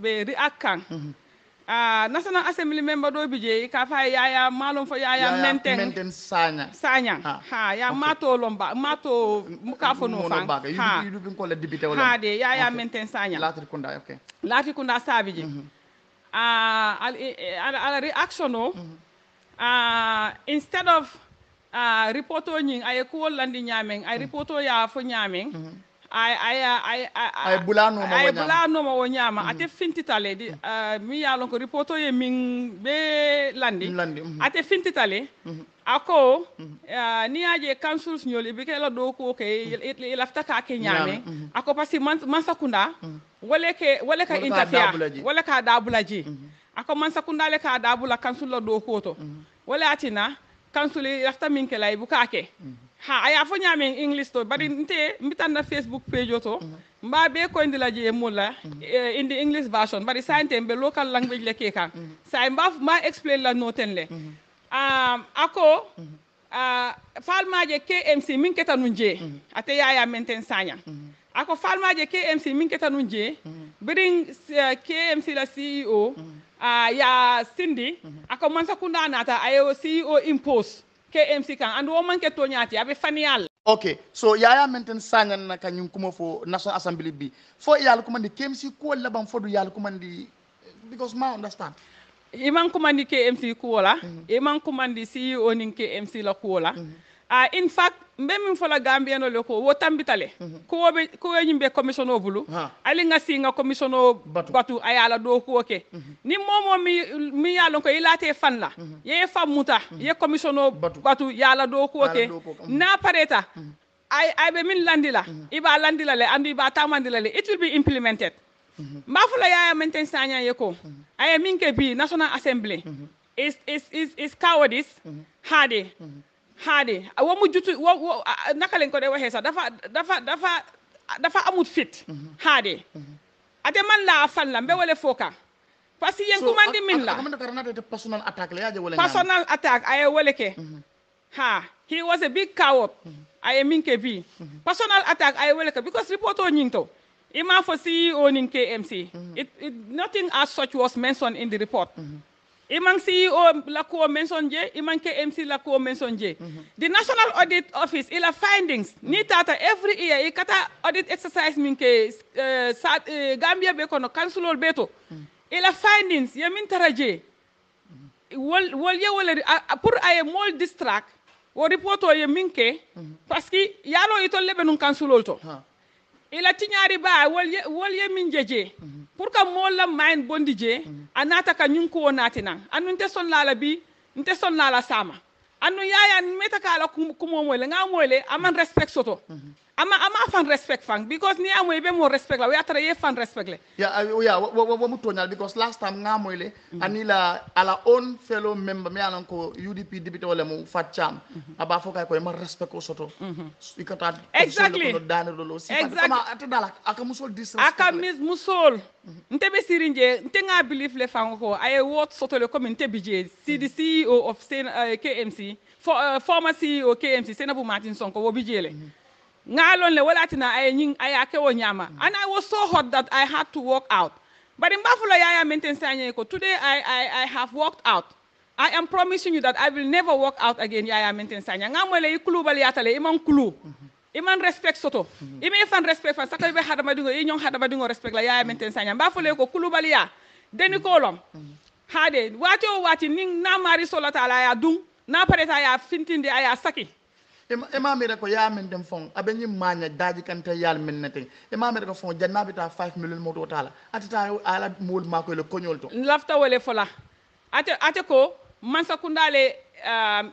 ɓe react kan ah, national assembly member ɗo bi jeyi ka fa yaya malum fo yaya, yaya menten menten sanya. Sanya. ha, ha ya okay. mato lomba mato muka fo no fan ha yudu bin ko la député wala ha de yaya okay. menten saña lati kunda okay lati kunda sabi je mm -hmm. uh, ah, al, al, al reaction o mm -hmm. uh, instead of ah reporto ñing ay ko landi ñameng ay mm-hmm. reporto ya fo ñameng -hmm. ay ay ay ay bulano mm. ate fintitale di mm. uh, mi ya lon ko ripoto ye min be landi landi mm-hmm. ate fintitale mm-hmm. ako mm-hmm. uh, ni aje councils nyoli bi ke la do ko ke il afta ka ke nyame ako parce que man sakunda wale ke wala ka interfere wale ka dabulaji ako man sakunda le ka dabula council la do ko to wala atina council lafta min ke la ibuka ke ha aya fo ñaame english to bari mm. nte na facebook page o to mm. mba be koyndila je e mulla mm. eh, indi english version bari saynten be local language le ke kan sa mba ma explain la noten le um, ako ah, falmaje kmc min keta nun je ate yaya men ten saña ako falmaje kmc min keta nun je birin eh, kmc la ceo ah, ya sindi ako mansa kunda nata ayo ceo impose KMC kan and wo manke a nyati abe fanial okay so yaya menten sangan na kanyum kuma fo national assembly bi fo yalla kuma ndi KMC ko laban fo du yalla kuma because ma understand iman kuma ndi KMC ko la mm -hmm. iman kuma ndi KMC e la ko la Uh, in fact mbe min fola gambiyano le ko wo tambitale mm -hmm. kuwo be kuwo nyim be commission o bulu Alinga singa nga si nga commission o batu, batu ayala do ko ke mhm. ni momo mi mi ya ko ilate fan la mm -hmm. ye fam muta mhm. ye commission o batu, batu do ko ke mhm. na pareta I ay be min landila iba landila le andu iba tamandila le it will be implemented mba ya yaya maintain sanya yeko. I ay min ke national assembly is is is is cowardice hade xaadi wa mu jutu wa wa naka lañ ko dee waxee sax dafa dafa dafa dafa amut fit xaadi mhm. mhm. ate man la falla mbe wale foka parce que yenku mandi min la personal attack la yaje wale personal attack aye wale ke mhm. ha he was a big cow up aye min ke bi personal attack aye wale ke because report o nyinto ima for CEO nin KMC it, it nothing as such was mentioned in the report mm -hmm. Imang CEO Lakuo Mensonje, Imang KMC Lakuo mensonge. Mm -hmm. The National Audit Office, ila findings, mm -hmm. ni tata every year, kata audit exercise minke uh, Gambia beko no councilor beto. Mm -hmm. Ila findings, yemin taraje, mm -hmm. wal, wal ye mhm. wal, uh, pour aye mol distract, wo report o ye minke, mm -hmm. paski yalo ito lebe nun councilor to. Huh. ila tiñaari baa wol ye wol ye min jeje mhm. pour que mool la mayin bondi je mhm. a naata ka ñun kuwo naati nan annu nte sonnaa la bi nte sonnaa la saama annu yaaya meta kaa la kumoo moy le ŋa moy le aman mhm. respect soto ama ama fan respect fan because ni amoy be mo respect la we are ye fan respect le yeah uh, yeah we we wo mutonya because last time nga amoy le mm -hmm. anila ala own fellow member me anan ko UDP député wala mo fat cham mm -hmm. aba foka ko ma respect ko soto mm -hmm. ikata exactly ko dane lolo si exactly. sama atadala aka musol disrespect aka mis musol mm -hmm. nte be sirinje nte nga believe le fang ko ay wot soto le comme nte bije si mm. the CEO of Sen, uh, eh, KMC for, uh, eh, former CEO KMC Senabu Martin Sonko wo bijele mm -hmm. Mm. and i was so hot that i had to walk out but in buffalo yaya maintain sanyeko today I, I i have walked out i am promising you that i will never walk out again yaya maintain sanya ngamole ikulu bal yatale imam kulu mm-hmm. iman respect soto mm-hmm. ime fan respect fan Saka ibe hadama dingo e nyong hadama dingo respect la yaya maintain sanya buffalo ko kulu bali ya deni mm-hmm. kolom hade wati o wati ning na mari solata ala ya dum na pareta ya fintinde aya saki imam ira ko yamin dem fon abe nyi manya daji kanta yal min nete imam ira ko fon jannabi ta 5 million mo tala atata ala mul mako le koñol to lafta wole fola ate ate ko man sakundale um,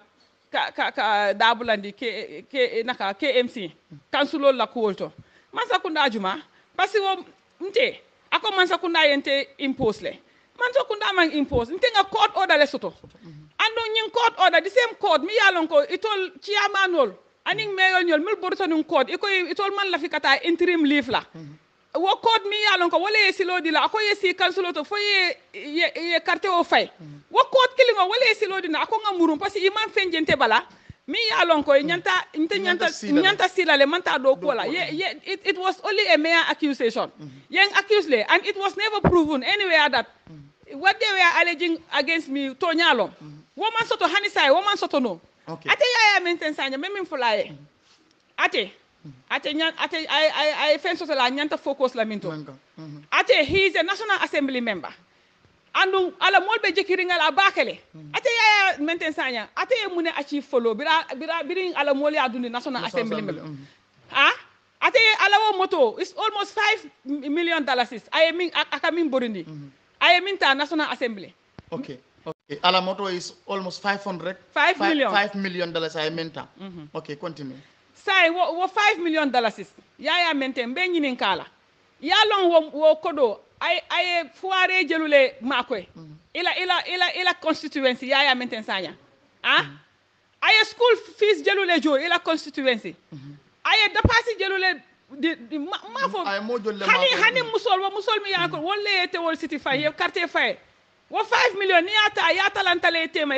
ka ka, ka dabulandi ke ke naka KMC kansulo la kuwol to man sakunda juma parce que nte ako man sakunda yente impose le man sakunda man impose nte nga court order le soto mm -hmm. andon ñing code order the same code mi yalon ko itol chairman wol aning mayor ñol mil borto nin code iko itol man la fi kata interim leave la mm-hmm. wo code mi yalon ko wala silo di la ako yesi si to fo ye ye carte o fay mm-hmm. wo code kilingo wala silo di na ako ngamurum parce que iman fenjente bala mi ya lon ko nyanta inte nyanta nyanta sila le manta do ko la ye ye it, it was only a mere accusation mm mm-hmm. accuse le and it was never proven anywhere that what they were alleging against me to nyalo mm -hmm woman soto hani side. woman soto no okay ate ya ya menten sanya meme fulaye mm. ate mm. ate nyan ate ay I, ay fen soto la nyanta focus la minto mm-hmm. ate he is a national assembly member andu ala molbe jekiringal abakele mm. ate ya menten sanya ate mune achi follow bira bira birin ala moli adundi national assembly member ah ate alawo moto it's almost 5 million dollars is i mean aka min borindi mm-hmm. i mean ta national assembly okay Eh, Alamoto is almost 500. 5 five million. 5 million dollars I maintain. Mm -hmm. Okay, continue. say wo, wo 5 million dollars is. Ya ya maintain be nyinin kala. Ya long wo, wo kodo ay ay fuare jelule makwe. Mm -hmm. Ila ila ila ila constituency ya ya maintain sanya. Ah? Mm -hmm. Ay school fees jelule jo ila constituency. Mm -hmm. Ay dapasi jelule de, de ma, ma fo. Ay mo jolle Hani hani mhm. musol wo musol mi ya ko mhm. wolle ete wol city fay quartier fay. wo 5 million ni yata yata lanta le tema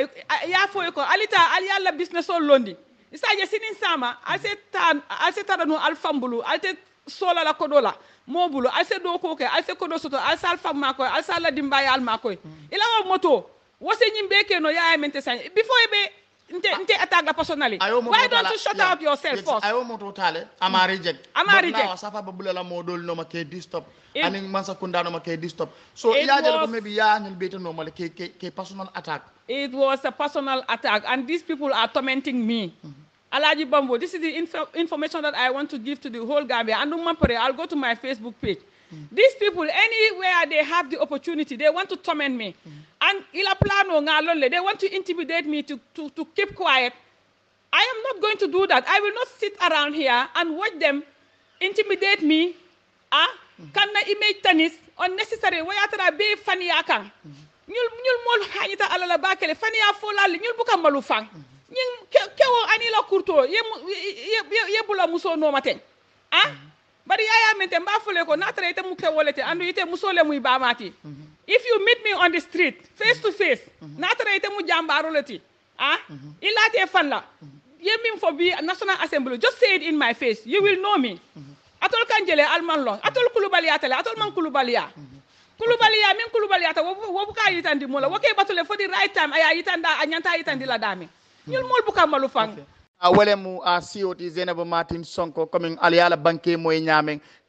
ya foy ko alita al yalla business o londi isaje sinin sama ase tan ase taranu al I alte sola la kodola mobulu ase no ko ke ase kodo soto ase al fam I ase la ya al makoy mm. ila wa moto wo se no ya mente san before be they attack the personally. Why don't you shut up yourself first? I will totale. I'm a reject. I'm a reject. Now, Safa Babula Modol no make this i And in Mansakunda no make stop. So, yeah, maybe yeah, ke ke ke personal attack. It was a personal attack, and these people are tormenting me. Hmm. Alaji Bambo, this is the info information that I want to give to the whole Gambia. And I'll go to my Facebook page. Mm These people, anywhere they have the opportunity, they want to torment me. Mm and ilaplano ngalole, they want to intimidate me to, to, to keep quiet. I am not going to do that. I will not sit around here and watch them intimidate me. Ah, kan na image tanis unnecessary wayatara ah, be fani yakan. Nyul nyul mol hanyita alala bakele fani ya folali nyul buka malu fang. Nying kewo anila kurto ye ye ye bula muso no maten. Ah, bari yaya min te mbafule ko natara ite muke wolete andu ite musole muy bamati mhm. if you meet me on the street face to face mhm. natara ite mu jambaroleti ah mhm. ilate fan la ye min fo bi national assembly just say it in my face you will know me atol kanjele alman lo atol kulubaliya tele atol man kulubaliya kulubaliya min kulubaliyata wo buka yitandi wo ke batule fo the right time aya a ñanta yitandi la dami buka malu fang a uh, welemu a uh, sioti zeinabu matim sonko commin ala banque moye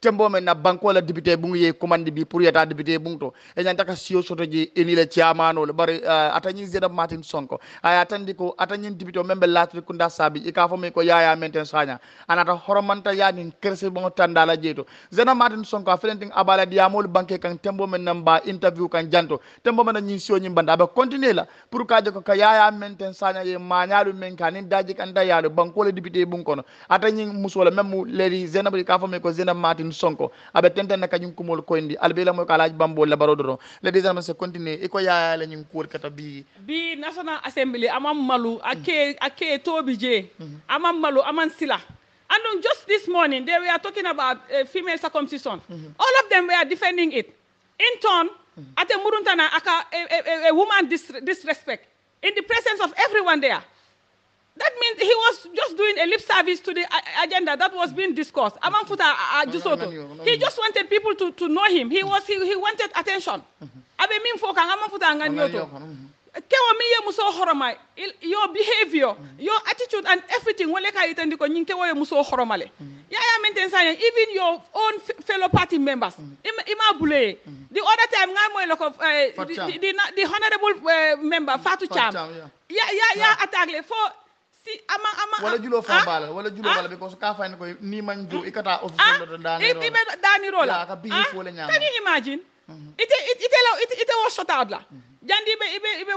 tembo men na banko la député bu ngi commande bi pour yata député bu to e nyanta ka sio soto ji eni le ciamano le bari euh, atani zeda martin sonko ay atandi ko atani député membe latri kunda sabi e ka fo me ko yaya menten sanya anata horomanta yani kerse bo tandala jeto zeda martin sonko afelenting abala diamol banke kan tembo men ba interview kan janto tembo men nyi sio nyi banda ba continuer la pour ka joko ka yaya menten sanya ye manyalu men kanin daji kan dayalu banko le député bu kono atani musola même leri zena bari ka fo me ko zena martin sonko aɓe tentana kañum kumol koyndi alabila moy ko alaji bambol labaro doro le deuxiéme c'est continuer iko yayala ñum kuwol kata bi bi national assembly aman malu ake ake tobi je mhm. aman malu aman sila and on just this morning they were talking about uh, female circumcision mm -hmm. all of them were defending it in turn mm -hmm. ate muruntana aka a, a, a woman disrespect in the presence of everyone there that means he was just doing a lip service to the uh, agenda that was being discussed. Amanfuta mm-hmm. Ajisoto. He just wanted people to, to know him. He was he, he wanted attention. Mm-hmm. Abe min foka Amanfuta mm-hmm. miye muso horoma. Your behavior, your attitude and everything waleka itendiko nyin kewa muso horomale. Ya ya maintain even your own fellow party members. Ima bule. The other time ngai mo eh, the, the, the honorable eh, member Fatu Cham. Yeah, yeah, yeah, attack for si ama ama wala julo fa ah, bala wala julo ah. bala because ka fayne koy ni man jo ah, ikata officiel do dani ro ibe dani ka bi fo la can you imagine mhm. ite ite la ite ite wo shot out la mhm. jandi be ibe ibe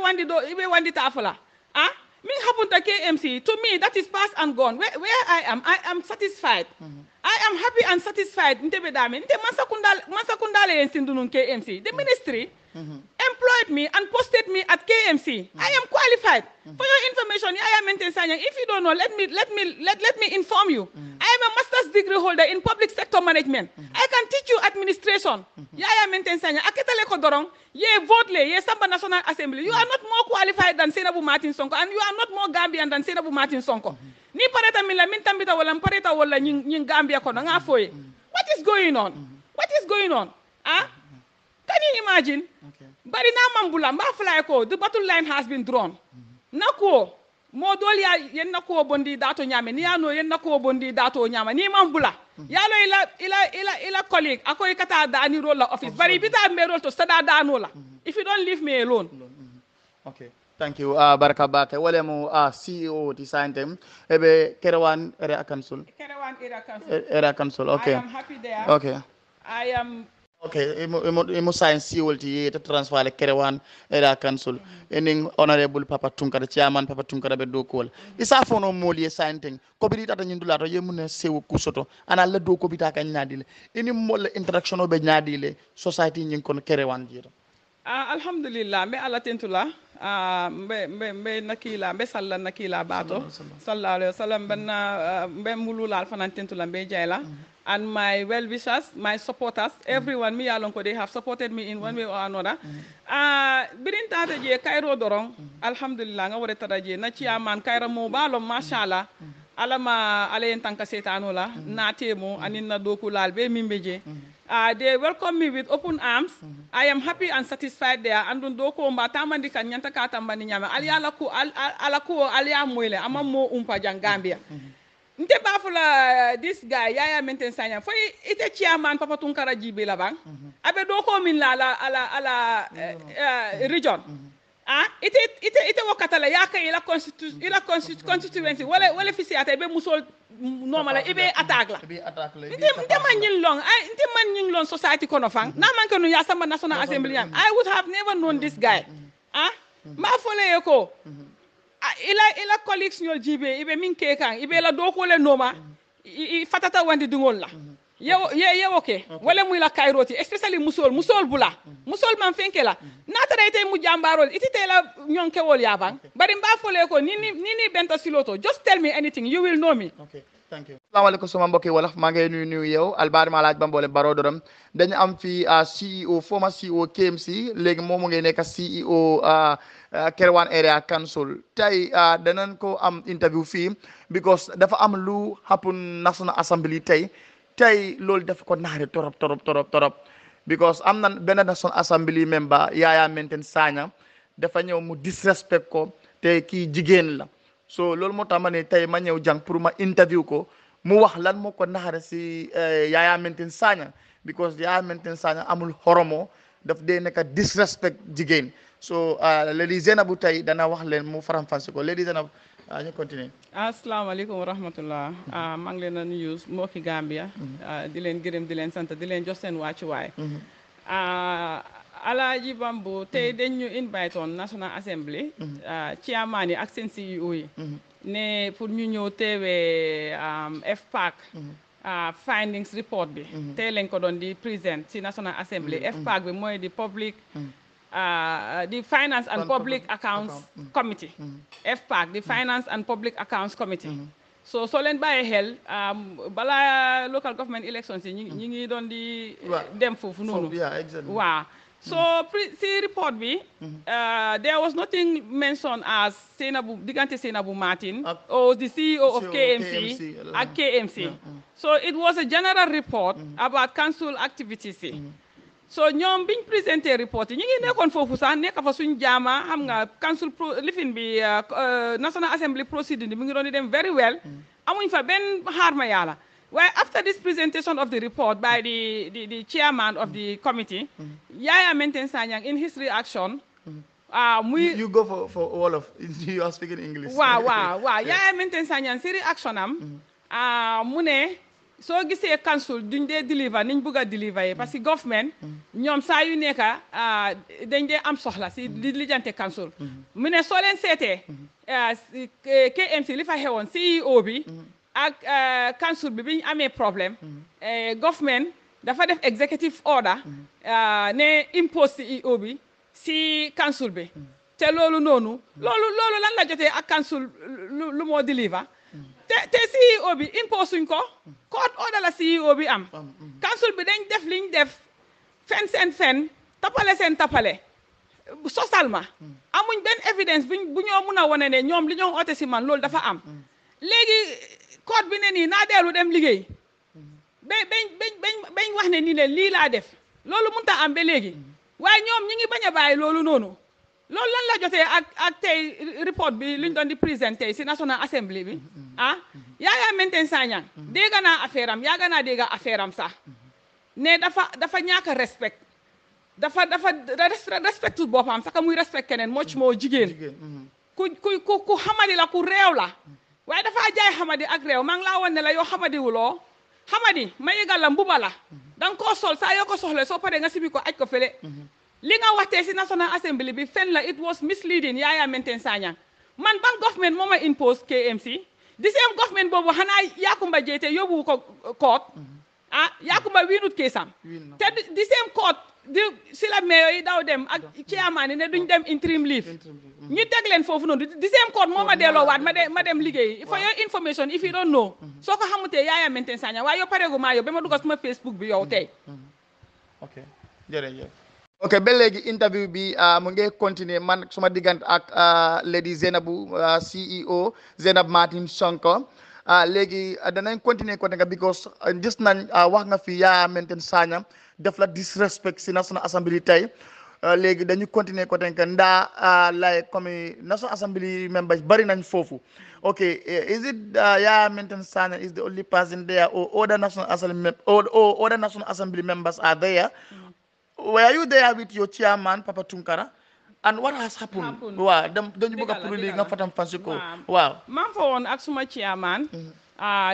KMC to me that is past and gone where, I am I am satisfied mhm. I am happy and satisfied nte be dame nte man sakunda man sakunda KMC the ministry Mm-hmm. employed me and posted me at KMC. Mm-hmm. I am qualified. Mm-hmm. For your information, I am Sanyang. If you don't know, let me let me let, let me inform you. I am a master's degree holder in public sector management. I can teach you administration. I Yaya Menten Sanyang. Aketale Kodorong, ye vote le, ye Samba National Assembly. You are not more qualified than Senabu Martin Sonko, and you are not more Gambian than Senabu Martin Sonko. Ni pareta mila mintambita wala mpareta wala nying Gambia kono nga foye. What is going on? What is going on? Huh? Ah? Can you imagine? Okay. Bari na mambula mba fly ko the battle line has been drawn. Mm-hmm. Nako mo doli ya yen nako dato nyame ni ano yen nako bondi dato nyama ni mambula. Mm-hmm. Yalo ila ila ila ila colleague ako ikata da ni role office. Bari bita me to sada da mm-hmm. If you don't leave me alone. Mm-hmm. Okay. Thank you. Uh, baraka bake. Wale mu uh, CEO design Santem. Ebe Kerewan Area Council. Kerewan Area Council. Area Council. Okay. I am happy there. Okay. I am Okay, imo sign siwol ti yeyta transfer le kerewan era kansol enin honorable papa tunkara ciaman papa tunkara ɓe dokuwol kol isa fono moli sign ting ko bi tata ñindula to yemune sewo kusoto ana la do ko ta kan ñaadile ini molla interaction be nyadile society ñing kono kerewan jira a ah, alhamdulillah mbi ala tentula Ah, mbe mbe nakila mbe salla nakila bato sallallahu alaihi wasallam banna mbe mululal fanantentula mbe jayla mm-hmm. and my well wishers, my supporters, mm-hmm. everyone, me along, they have supported me in one way or mm-hmm. another. Ah, Birin tata je Cairo dorong, alhamdulillah, nga wore tata je, na chairman Cairo mo balom, mashallah alama ah, alayen tanka setanola mm -hmm. natemo mm -hmm. aninna doku lalbe mm -hmm. uh, ah, they welcome me with open arms mm -hmm. i am happy and satisfied there andun doko mba tamandi kan nyanta ka tambani nyama ali mm-hmm. ala ku al, ala ku ali amwele ama mm-hmm. mo umpa jangambia mm -hmm. nte bafula eh, this guy yaya menten sanya fo ite chairman papa tunkara jibe mm -hmm. abe doko min la ala ala, uh, region mm -hmm ah ite ite ite wakkata la yaka ila constitu ila constitu constituency wala wala fisi ata ibe muso normal e be attaque la nte nte man ñin long ay nte man ñin long society kono fang mm-hmm. na man kanu ya sama national assembly am i would have never known this guy ah mm-hmm. ma fole ko mm-hmm. ah, ila ila colleagues ñol jibe ibe min ke kan ibe la dokole noma fatata wandi dingol la yewo ye yewo ke wala muyla kayroti especially musol musol bula mm-hmm. musol man fenke la natara ite mu jambarol itite la nyonke wol yaban bari mba fole ko nini mm-hmm. benta siloto just tell me anything you will know me okay sama mbokki wolof maa ngi nuyu nuyu yow albaari laaj ba mboole baroo dorom dañu am fi uh, CEO former CEO KMC léegi moom mu ngi nekk CEO uh, uh, Kerewan Area Council tey danañ ko am interview fi because dafa am lu happen National Assembly tey tey loolu def ko naxari torop torop torop torop because am na benn National Assembly member Yaya Menteng Sanyang dafa ñëw mu disrespect ko te kii jigéen la so loolu moo tax ma tey ma ñëw jàng pour ma interview ko mu wax lan moo ko naxare si eh, Yaya Menteng Sanyang because Yaya Menteng Sanyang amul xoromo def dee nekk disrespect jigéen so ah, léegi bu tey dana wax leen mu faram-fàcce ko léegi Zeynabou ah ñu continuer. asalaamaaleykum wa rahmatullah mm-hmm. ah, maa ngi leen a nuyu mbokki Gambia. Mm-hmm. Ah, di leen gërëm di leen sant di leen jox seen wàccuwaay. Mm-hmm. Alaaji Bambu tey dañ ñu invite on National Assembly. chairman yi ak seen CEO yi. ne pour ñu ñëw teewee FPAC. findings report bi. tey lañ ko doon di present ci National Assembly. FPAC bi mooy di public. uh, the Finance and Public, Public Accounts Account. Mm. Committee, mm-hmm. FPAC, the mm-hmm. Finance and Public Accounts Committee. Mm-hmm. so soo leen bàyyi xel um, balaa local government elections yi ñi ngi doon di eh, dem foofu noonu waaw so mm-hmm. si report bi uh, there was nothing mentioned as Sainabou diggante Sainabou Martin or the CEO of KMC at KMC so it was a general report about council activities yi so ñoom biñ présenté report yi ñu ngi nekkoon foofu sax nekk fa suñ jaama xam nga council pro lifin bi euh, euh, national assembly proceeding mu ngi doon di dem very well amuñ fa benn xaar ma yàlla waaye after this presentation of the report by the the the chairman of the committee Yahya Menteng Sanyang in his reaction ah muy you go for for all of you are speaking English waaw waaw waaw Yahya Menteng Sanyang si reaction am mm-hmm. ah, mu ne soo gisee council duñ dee deliver niñ bugg a deliver yi parce que government ñoom saa yu nekk ah, dañ dee am soxla si mm-hmm. di lijjante council mm-hmm. mu ne soo leen seetee mm-hmm. ah, eh, KMC li fa xewoon si e bi ak ah, council bi bi ñu amee problème eh, government dafa def executive order ne impose CEO bi si council bi te loolu noonu loolu loolu lan la jotee ak council lu moo deliver te te CEO bi impose suñ ko court order la CEO bi am council bi dañ def liñ def fen seen fen tapale seen tapale sosal ma mm. amuñ benn évidence buñ bu ñoo mun a wane ne ñoom li ñoo oote si man loolu dafa am mm. léegi court bi ne nii naa dellu dem liggéey mm. ba bañ bañ bañ wax ne nii leen lii laa def loolu mënut a am ba léegi waaye ñoom ñi ngi bañ a bàyyi loolu noonu loolu lan la jotee ak ak tey report bi lu ñu doon di présenté si national assembly bi mhm. ah mhm. Yahya Menteng Sanyang mhm. dégg naa affaire am yàgg naa dégg affaire am sax ne dafa dafa ñàkk a respect dafa respectu respectul boppam sax muy respect keneen moc moo jigéen ku ku ku xamadi la ku réew la waaye dafa jaay xamadi ak réew man ngi laa wan ne la yoo xamadi wuloo xamadi ma yëgal la mbuba la da koo sol saa yoo ko soxle soo paree nga sibi ko aj ko fële li nga waxtee si national assembly bi fen la it was misleading Yahya Menteng Sanyang man ban government moo ma impose KMC the same government boobu xanaa Yakumba te yóbbu ko court a ah, Yakumba wiinut keesam te the same court di si la mayor yi daw dem ak chairman yi ne duñ dem interim leave mhm. ñu teg leen foofu noonu the same court moo ma delloo waat mhm. ma de ma dem liggéey for your information if you don't know mhm. soo ko xamutee Yahya Menteng Sanyang waaye yow pareegu maa yow ba bi yow tey ok ba léegi interview bi ah, mu ngi continuer man suma diggante ak ah, lady Zainabou ah, CEO Zainab Martin Sonko léegi danañ continuer ko nga because gis nañ wax nga fi Yahya Mentane Sanyang def la disrespect si National Assembly tey léegi dañu continuer ko tenka ndaa lay comme National Assembly members bari nañ foofu ok eh, is it Yahya Mentane Sanyang is the only person there or other National Assembly members are there mm. were you there with your chairman Papa Tunkara and what has happened. waaw dem dañu bëgg a pour léegi nga fatam fansi ko waaw. maa fa woon ak suma chairman. Mm-hmm. Ah,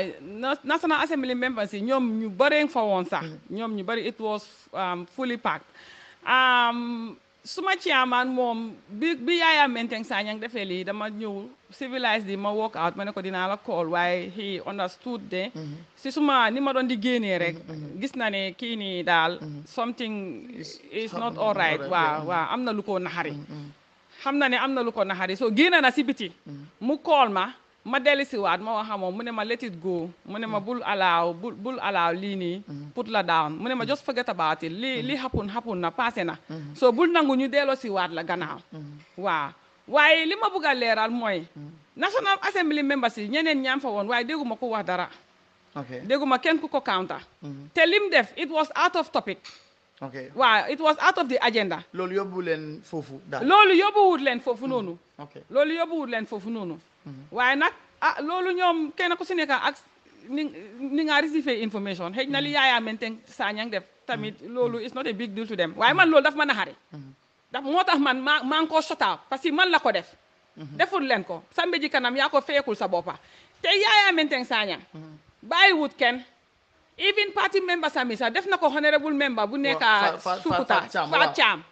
National Assembly members yi ñoom ñu bëree fa woon sax. Mm-hmm. ñoom ñu bëri it was um, fully packed. Um, suma chairman moom bi bi Yaya Menteng Sanyang defee lii dama ñëw civilized di ma walk out ma ne ko dinaa la call waaye he understood de mm-hmm. si suma ni ma doon di génnee rek mm-hmm, mm-hmm. gis na ne kii nii daal something is not all right waaw am na lu ko naxari xam na ne am na lu ko naxari so génn na si biti mu call ma ma dellusiwaat ma wax moom mu ne ma let it go mu ne ma bul alaaw bul bul alaaw lii nii mm-hmm. put la down mu ne ma just forget about it lii lii mm-hmm. happen happen na passé na mm-hmm. so bul nangu ñu delloosiwaat la gannaaw waaw waaye li ma bëgg a leeral mooy National Assembly members yi ñeneen ñaam fa woon waaye dégguma ko wax dara dégguma kenn ku ko counter te lim def it was out of topic ok waaw it was out of the agenda loolu yóbbu leen foofu daal loolu yóbbuwut leen foofu noonu loolu leen foofu noonu Mm-hmm. waaye nag a ah, loolu ñoom kenn ku si nekk ak ni ni nga receive information xëy na li mm-hmm. Yaya Menteng Sanyang def tamit mm-hmm. loolu it's not a big deal to them waaye man loolu daf ma naxari daf moo tax man maa maa ngi koo sotaa parce que man la ko def deful leen ko sambe ji kanam yaa ko feekul sa boppa te Yaya Menteng Sanyang bàyyiwut kenn even party member sami sax def na ko honorable member bu nekk a sukuta fa caam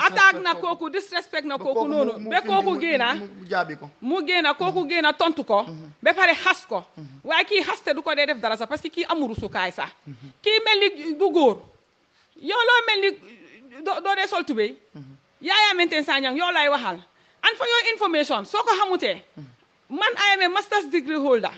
attaque na kooku disrespect na kooku noonu ba kooku génna mu génna kooku mm-hmm. génna tontu ko mm-hmm. ba pare xas ko mm-hmm. waaye kii xaste du ko dee def dara sax parce que kii amuru sukaay sa kii mel ni du loo mel ni doo dee sol tubéy yaayaa menten sañang yow lay waxal and for your information soo ko xamutee man I am a master's degree holder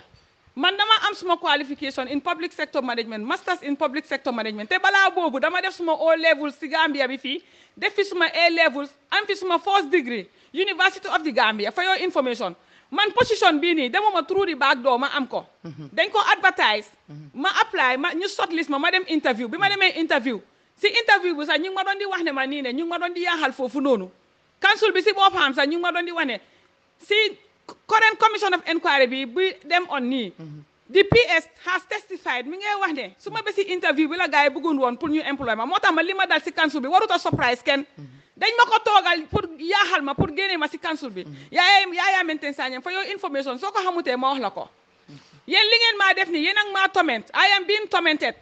man dama am suma qualification in public sector management masters in public sector management te balaa boobu dama def suma O levels si Gambia bi fii def fi suma A levels am fi suma first degree University of the Gambia for your information man position bii nii demuma through the back door ma am ko. Mhm. dañ ko advertise. Mhm. ma apply ma ñu shortlist ma ma dem interview bi ma mhm. demee interview si interview bi sax ñu ngi ma doon di wax ne ma nii ne ñu ngi ma doon di yaaxal foofu noonu council bi ma doon di wax ne current commission of inquiry bi them dem on me. the PS has testified mi ngay wax ne suma interview bi la gaay bëggoon won pour ñu employé ma moo ma lima dal ci council bi warut a surprise kenn dañ mako togal pour yaaxal ma pour gëné ma ci council bi yaaya yaayaa sañam fa yo information soko xamuté ma wax lako yeen li ngeen ma def ni yeen ak ma torment I am being tormented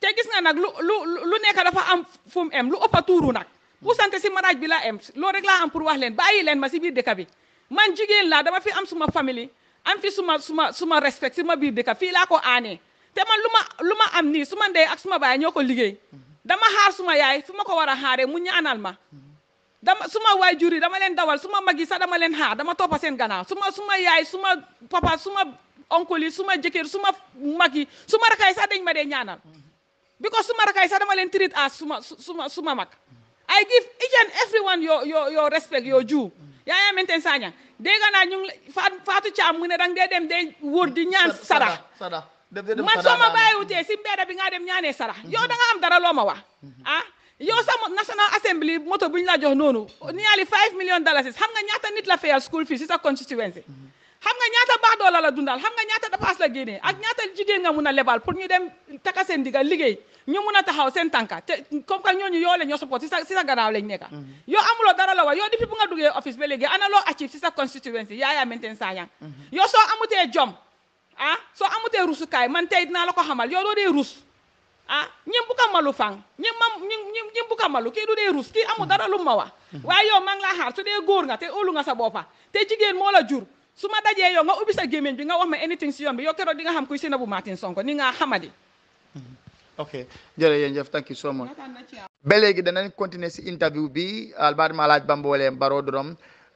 te gis nga nak lu lu lu nekk dafa am fum M, em lu ëpp Busan tuuru nag bu M, si regla bi la em lo rek la am pour wax leen bayi leen ma ci biir dëkk bi man jigen la dama fi am suma family, am fi suma suma suma respect suma biir dëkk fi la ko ané té man luma luma am ni suma ndey ak suma baye ñoko liggéey dama haar suma yaay fi ma ko war a mu ñaanal ma dama suma way juri dama len dawal suma magi sa dama len xaar dama topa sen ganaw suma suma yaay suma papa suma onkoli suma jekir suma magi suma rakay sa dañ ma dé ñaanal because suma rakay sa dama len treat as suma suma suma mak I give each and everyone your your your respect your due yaayaa menten saña dégg naa ñu ngi Fatou Fatou Thiam mu ne dang dee dem day wóor di ñaan sarax man soo ma bàyyiwutee si mbedd bi nga dem ñaanee sarax mm-hmm. yow da am dara loo ma wax mm-hmm. ah yow sa National Assembly moto bu ñu la jox noonu ni yaali 5 millions dollars nit la fayal school fii si sa constituency mm-hmm. xam nga ñaata baadoola la dundal xam nga ñaata dépense la génnee a ñaata jigéen nga mun a lebal pour ñu dem taka seen digal liggéey ñu mun a taxaw seen tànka te comme que ñooñu yoo leen ñoo support si sa si sa gannaaw lañ mm-hmm. dara la war yow depuis bu nga duggee office ba léegi ana loo achieve si sa constituency Yahya Menteng Sanyang mm-hmm. yow soo amutee jom ah, soo amutee rusukaay man tey dinaa la ko xamal yow doo dee rus ah ñim bu ka malu fang ñim mam ñim ñim bu ka malu kii du dee rus kii amul mm-hmm. dara lu ma wax waaye yow maa ngi laa xaar su góor nga te óolu nga sa boppa te jigéen moo la jur suma ma dajee yow nga ubi sa gemen bi nga wax ma anything ci yoon bi yow kéro di nga xam kuy sénabu Martin Sonko ni nga xamadi mhm. ok jërëjëf thank you so much ba léegi danañ continuer ci interview bi albar ma laaj baro baro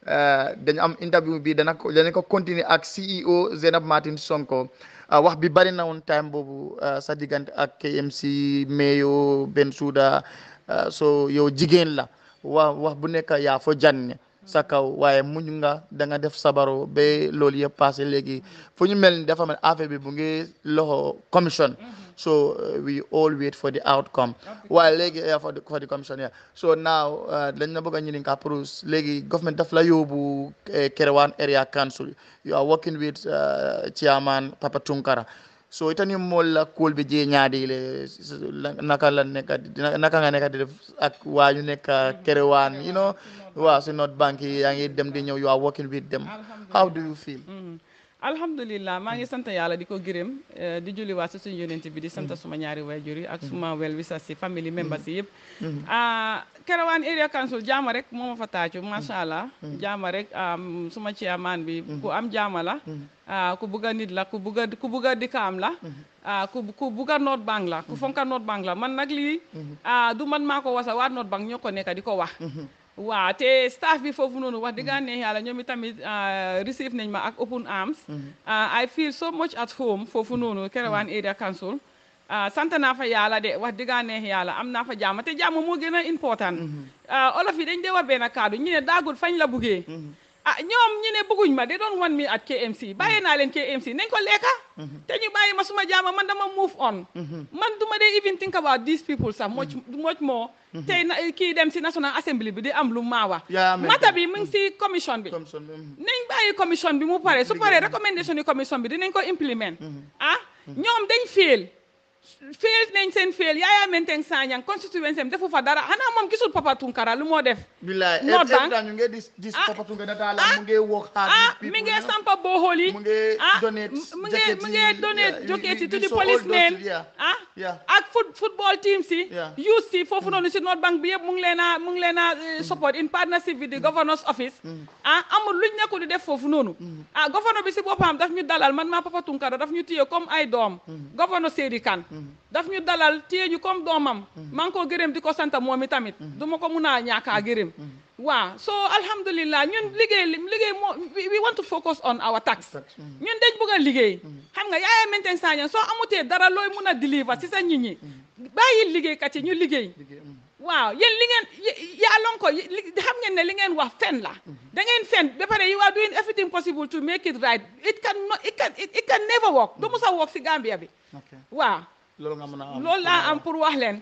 euh dañ am interview bi dana ko dañ ko continuer ak CEO Zenab Martin Sonko eh, wax bi bari na won time bobu eh, sa diggante ak KMC Mayo souda eh, so yow jigen la wax wax bu nek ya fo janne sa kaw waaye muñ nga da nga def sabaro ba loolu yëpp passé léegi fu ñu mel ni dafa mel affaire bi bu ngi loxo commission mhm. so uh, we all wait for the outcome waaye léegi for for the commission yeah so now uh, dañ na bëgg a ñini ka pour léegi government daf la yóbbu eh, Kerewan area council you are working with uh, chairman Papa Tunkara so itani mool la kuol bi jee ñaadi le naka la nekka naka nga nekka di def ak waa ñu nekka kerewaan you know waaw si not banque yi yaa ngi dem di ñëw you are working with them how do you feel mm-hmm. alhamdulillah maa ngi sant yàlla di ko gërëm eh, di julliwaat si suñ yonent bi di sant mm-hmm. suma ñaari waajur yi ak mm-hmm. suma wel sa si family members si mm-hmm. yëpp ah, Kerewan area council jaama rek moo ma fa taacu macha allah jaama rek suma chairman bi ku am jaama la ah, ku bugga nit la ku bugga ku bugga dikaam la ah, ku ku bugga North Bank la ku fonka North Bank la man nag lii du man maa ko wasa waa North Bank ñoo ko di ko wax waaw te staff bi foofu noonu wax dëgg ne yàlla ñoom itamit ah, receive nañ ma ak open arms. Mhm. Ah, I feel so much at home foofu noonu Kerewan mhm. Area Council. Ah, sant naa fa yàlla de wax dëgg neex yàlla am naa fa jàmm te jàmm moo gën a important. Mhm. olof yi dañ dee wax benn kàddu ñu ne daagul fañ la buggee. ah ñoom ñu ne bëgguñ ma di doon wan mi at KMC bàyyi mm-hmm. naa leen KMC nañ ko lekka mm-hmm. te ñu bàyyi ma suma jaama man dama move on mm-hmm. man duma dee even think about these people sax much more tey kii dem si National Assembly bi di am lu maa wax mata bi mu si commission bi nañ bàyyi commission bi mu pare su paree recommendation yi commission bi dinañ ko implement ah ñoom dañ feel feel nañ seen feel Yaya Menteng Sanyang constituency defu fa dara xanaa moom gisul Papa Tunkara lu moo def. bilaay ñu ngi dis dis ah, Papa Tunkara daal ah mu ngi donate ah, mu ngi mu ngi donate jokeeti to the policemen ah, ak football team si. youth si foofu mm. noonu si North Bank bi yëpp mu ngi leen a mu ngi leen a eh, mm. support in partnership with the mm. governor's office. ah amul luñ nekku def foofu noonu. ah governor bi si boppam daf ñu dalal man maa Papa Tunkara daf ñu téye comme ay doom. governor Seri kan daf ñu dalal téye ñu comme doomam maa ngi koo gërëm di ko sant moom i tamit du ma ko mun a ñàkkaa waa waaw so alhamdulillah ñun liggéey liggéey moo we want to focus on our tax ñun dañ bëgg a liggéey xam nga yaaya maintenance saa soo amutee dara looy mun a deliver si sa nit ñi bàyyi liggéeykat yi ñu liggéey waa yéen li ngeen yàllon ko xam ngeen ne li ngeen wax fen la da ngeen fen ba pare you are doing everything possible to make it right it can never work du musa work si Gambia bi loolu nga mën loolu laa am pour wax leen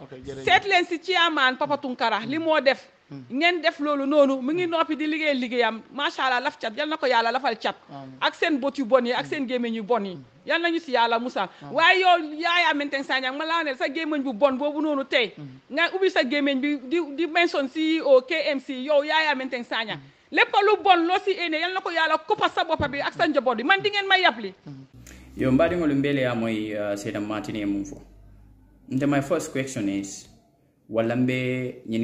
seet leen si Thiamane Papa Tunkara li moo def hmm. ngeen def loolu noonu mu ngi noppi di liggéey liggéeyam macha allah laf cat yal na ko yàlla lafal cat ak seen bët yu bon yi ak hmm. seen gémmiñ yu bon yi hmm. yal nañu si yàlla musal waaye yow yaayaa menten sagnag ma laa ne sa gémmiñ bu bon boobu noonu tey nga ubbi sa gémmiñ bi di di mention CEO KMC yow yaayaa menten sagnag lépp lu bon loo si éene yal na ko yàlla koppa sa boppa bi ak sa njaboot bi man di ngeen ma yab yo mbaɗigol mbele ya moy uh, seeɗa matine mum fo nte my first question is walambe mbe ñin